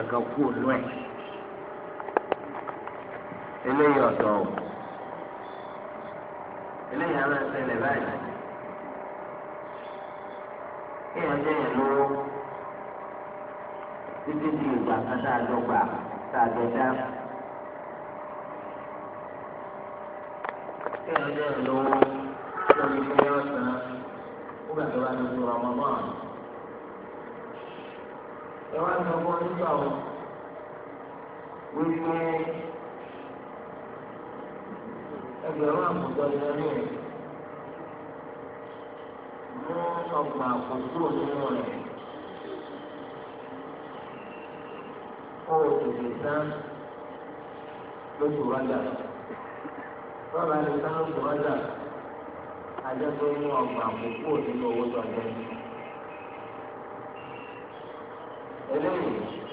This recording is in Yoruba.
kankan kú ònú ẹ̀ eléyìí ọ̀dọ́ o eléyìí àwọn ẹsẹ̀ lẹ̀ báyìí kéèyàn jẹ́ yẹn lówó títí di ìgbà kan tá a jọ gbà tá a jọ dá kéèyàn jẹ́ yẹn lówó tó ní kí wọ́n san ó gbàgbé wa ní oṣù Ramadan ẹ wá ní ọgbọ́n nígbà wo wípé ẹgbẹ̀rún àkùdọ̀ ni ẹ ní ẹ̀ mú ọgbà àkùdọ̀ nínú rẹ̀ kó o tètè tán lóṣù rájà lọ́la lè tán lóṣù rájà ajẹ́ pé mú ọgbà àkùdọ̀ nínú owó tó ọjọ́ yìí. eléyìí.